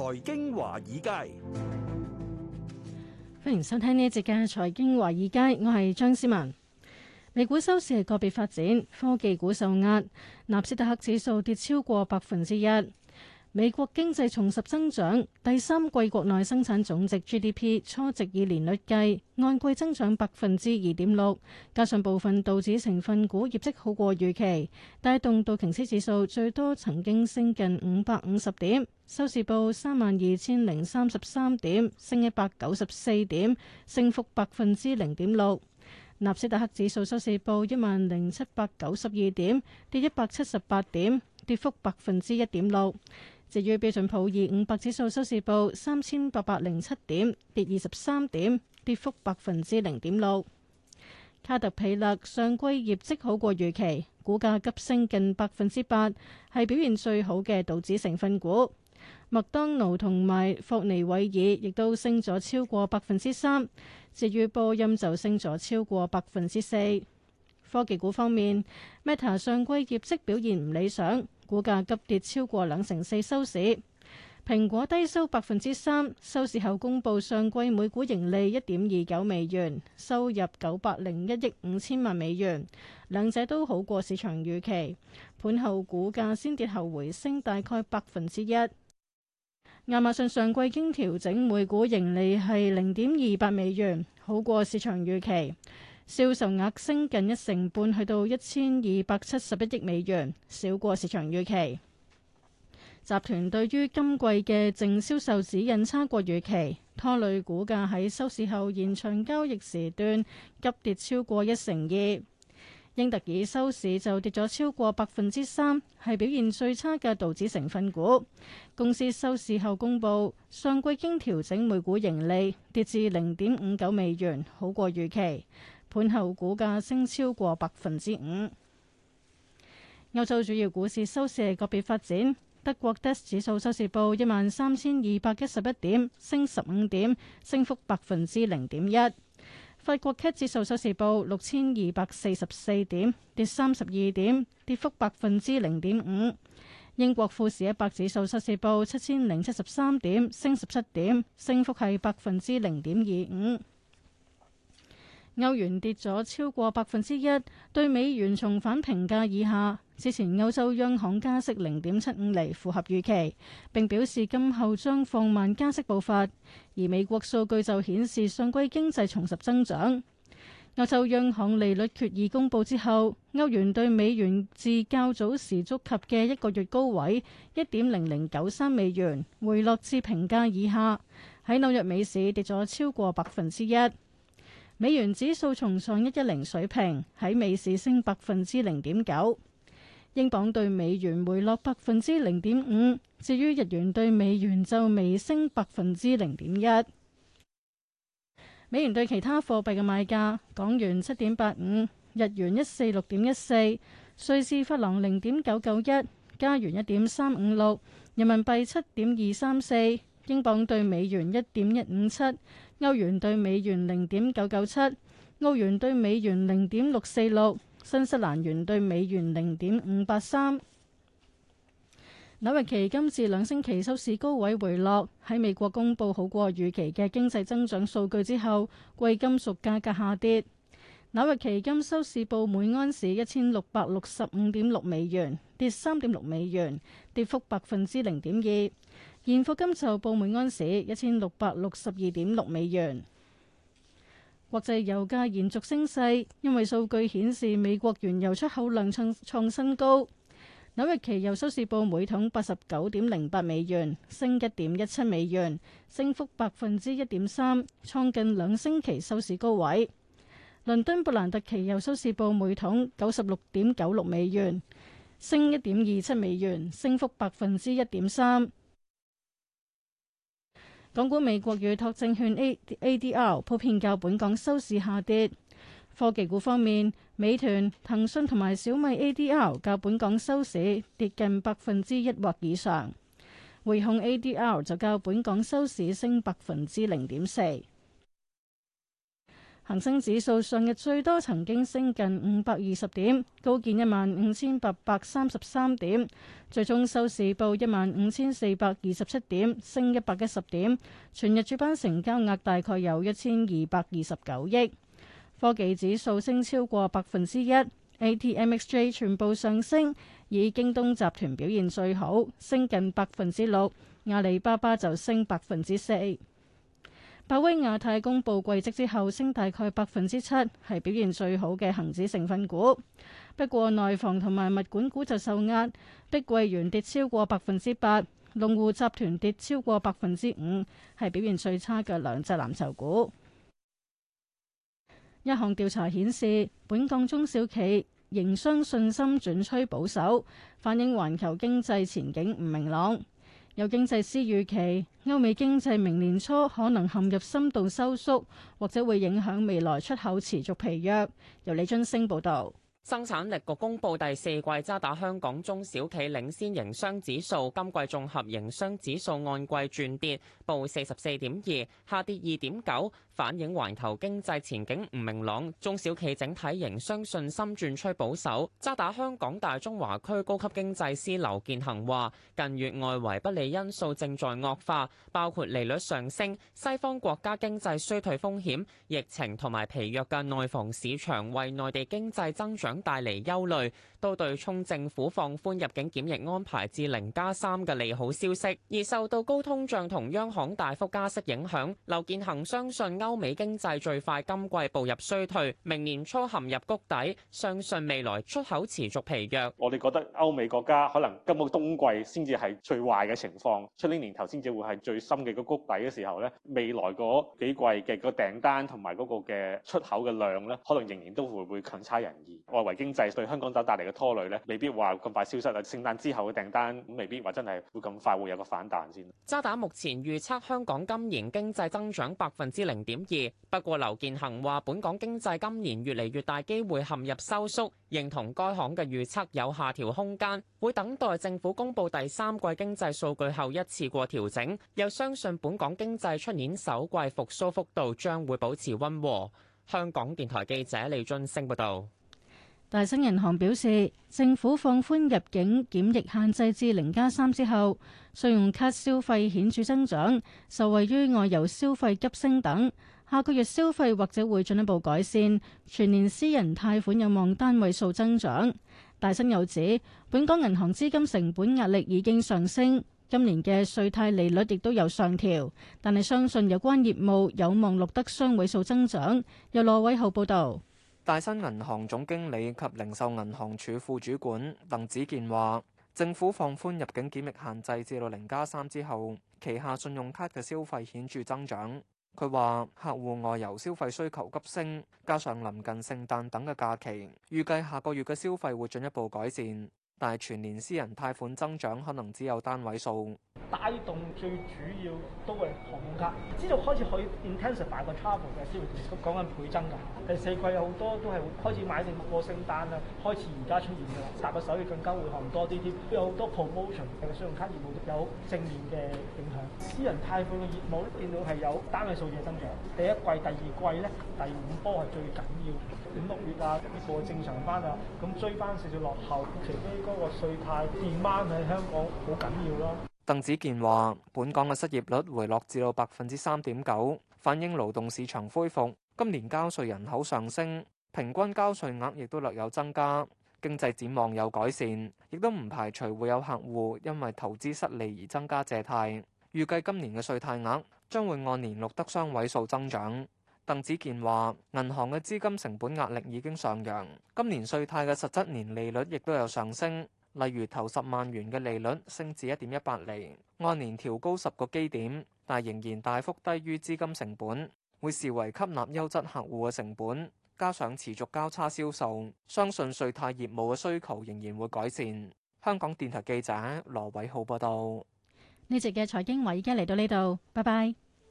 財經華爾街，歡迎收聽呢一節嘅財經華爾街，我係張思文。美股收市係個別發展，科技股受壓，納斯達克指數跌超過百分之一。美國經濟重拾增長，第三季國內生產總值 GDP 初值以年率計，按季增長百分之二點六。加上部分道指成分股業績好過預期，帶動道瓊斯指數最多曾經升近五百五十點，收市報三萬二千零三十三點，升一百九十四點，升幅百分之零點六。納斯達克指數收市報一萬零七百九十二點，跌一百七十八點，跌幅百分之一點六。至於標準普爾五百指數收市報三千八百零七點，跌二十三點，跌幅百分之零點六。卡特彼勒上季業績好過預期，股價急升近百分之八，係表現最好嘅道指成分股。麥當勞同埋霍尼韋爾亦都升咗超過百分之三，至於波音就升咗超過百分之四。科技股方面，Meta 上季業績表現唔理想。股價急跌超過兩成四收市。蘋果低收百分之三，收市後公布上季每股盈利一點二九美元，收入九百零一億五千萬美元，兩者都好過市場預期。盤後股價先跌後回升，大概百分之一。亞馬遜上季經調整每股盈利係零點二八美元，好過市場預期。銷售額升近一成半，去到一千二百七十一億美元，少過市場預期。集團對於今季嘅淨銷售指引差過預期，拖累股價喺收市後延長交易時段急跌超過一成二。英特爾收市就跌咗超過百分之三，係表現最差嘅道指成分股。公司收市後公佈上季經調整每股盈利跌至零點五九美元，好過預期。盤後股價升超過百分之五。歐洲主要股市收市係個別發展，德國 DAX 指數收市報一萬三千二百一十一點，升十五點，升幅百分之零點一。法國 CAC 指數收市報六千二百四十四點，跌三十二點，跌幅百分之零點五。英國富時一百指數收市報七千零七十三點，升十七點，升幅係百分之零點二五。歐元跌咗超過百分之一，對美元重返平價以下。之前歐洲央行加息零點七五厘，符合預期，並表示今後將放慢加息步伐。而美國數據就顯示上季經濟重拾增長。歐洲央行利率決議公布之後，歐元對美元至較早時觸及嘅一個月高位一點零零九三美元，回落至平價以下。喺紐約美市跌咗超過百分之一。美元指數從上一一零水平喺美市升百分之零點九，英鎊對美元回落百分之零點五，至於日元對美元就未升百分之零點一。美元對其他貨幣嘅賣價：港元七點八五，日元一四六點一四，瑞士法郎零點九九一，加元一點三五六，人民幣七點二三四。英鎊兌美元一點一五七，歐元兌美元零點九九七，澳元兌美元零點六四六，新西蘭元兌美元零點五八三。紐約期金自兩星期收市高位回落，喺美國公布好過預期嘅經濟增長數據之後，貴金屬價格下跌。紐約期金收市報每安士一千六百六十五點六美元，跌三點六美元，跌幅百分之零點二。現貨金就報每安士一千六百六十二點六美元。國際油價延續升勢，因為數據顯示美國原油出口量創創新高。紐約期油收市報每桶八十九點零八美元，升一點一七美元，升幅百分之一點三，創近兩星期收市高位。倫敦布蘭特期油收市報每桶九十六點九六美元，升一點二七美元，升幅百分之一點三。港股美國預託證券 ADR 普遍較本港收市下跌，科技股方面，美團、騰訊同埋小米 ADR 較本港收市跌近百分之一或以上，匯控 ADR 就較本港收市升百分之零點四。恒生指數上日最多曾經升近五百二十點，高見一萬五千八百三十三點，最終收市報一萬五千四百二十七點，升一百一十點。全日主板成交額大概有一千二百二十九億。科技指數升超過百分之一，ATMXJ 全部上升，以京東集團表現最好，升近百分之六，阿里巴巴就升百分之四。百威亞太公佈季績之後，升大概百分之七，係表現最好嘅恒指成分股。不過內房同埋物管股就受壓，碧桂園跌超過百分之八，龍湖集團跌超過百分之五，係表現最差嘅兩隻藍籌股。一項調查顯示，本港中小企營商信心轉趨保守，反映環球經濟前景唔明朗。有經濟師預期，歐美經濟明年初可能陷入深度收縮，或者會影響未來出口持續疲弱。由李津升報導。生產力局公布第四季渣打香港中小企領先營商指數，今季綜合營商指數按季轉跌，報四十四點二，下跌二點九，反映環球經濟前景唔明朗，中小企整體營商信心轉趨保守。渣打香港大中華區高級經濟師劉建恒話，近月外圍不利因素正在惡化，包括利率上升、西方國家經濟衰退風險、疫情同埋疲弱嘅內房市場，為內地經濟增長。帶嚟憂慮，都對沖政府放寬入境檢疫安排至零加三嘅利好消息，而受到高通脹同央行大幅加息影響，劉建恒相信歐美經濟最快今季步入衰退，明年初陷入谷底。相信未來出口持續疲弱。我哋覺得歐美國家可能今個冬季先至係最壞嘅情況，出年年頭先至會係最深嘅嗰谷底嘅時候，呢未來嗰幾季嘅個訂單同埋嗰個嘅出口嘅量，呢可能仍然都會會強差人意。作為經濟對香港等帶嚟嘅拖累咧，未必話咁快消失。聖誕之後嘅訂單未必話真係會咁快會有個反彈先。渣打目前預測香港今年經濟增長百分之零點二，不過劉建恒話：本港經濟今年越嚟越大機會陷入收縮，認同該行嘅預測有下調空間，會等待政府公布第三季經濟數據後一次過調整。又相信本港經濟出年首季復甦幅度將會保持溫和。香港電台記者李俊升報導。大新銀行表示，政府放寬入境檢疫限制至零加三之後，信用卡消費顯著增長，受惠於外遊消費急升等。下個月消費或者會進一步改善，全年私人貸款有望單位數增長。大新又指，本港銀行資金成本壓力已經上升，今年嘅稅貸利率亦都有上調，但係相信有關業務有望錄得雙位數增長。由羅偉浩報導。大新銀行總經理及零售銀行處副主管鄧子健話：政府放寬入境檢疫限制至到零加三之後，旗下信用卡嘅消費顯著增長。佢話：客戶外遊消費需求急升，加上臨近聖誕等嘅假期，預計下個月嘅消費會進一步改善。但係全年私人貸款增長可能只有單位數。帶動最主要都係航空卡，知道開始可以 intensive 大個 travel 嘅，先會講緊倍增㗎。第四季有好多都係會開始買定過聖誕啦，開始而家出現㗎，搭嘅收益更加會行多啲啲。有好多 promotion 嘅信用卡業務有正面嘅影響。私人貸款嘅業務咧，見到係有單位數字增長。第一季、第二季咧，第五波係最緊要，五、六月啊，呢個正常班啊，咁追翻少少落後，除非嗰個稅貸跌翻喺香港好緊要咯、啊。鄧子健話，本港嘅失業率回落至到百分之三點九，反映勞動市場恢復。今年交稅人口上升，平均交稅額亦都略有增加，經濟展望有改善，亦都唔排除會有客戶因為投資失利而增加借貸。預計今年嘅稅貸額將會按年錄得雙位數增長。鄧子健話，銀行嘅資金成本壓力已經上揚，今年稅貸嘅實質年利率亦都有上升。例如頭十萬元嘅利率升至一點一八厘，按年調高十個基點，但仍然大幅低於資金成本，會視為吸納優質客戶嘅成本。加上持續交叉銷售，相信稅貸業務嘅需求仍然會改善。香港電台記者羅偉浩報道。呢節嘅財經話已經嚟到呢度，拜拜。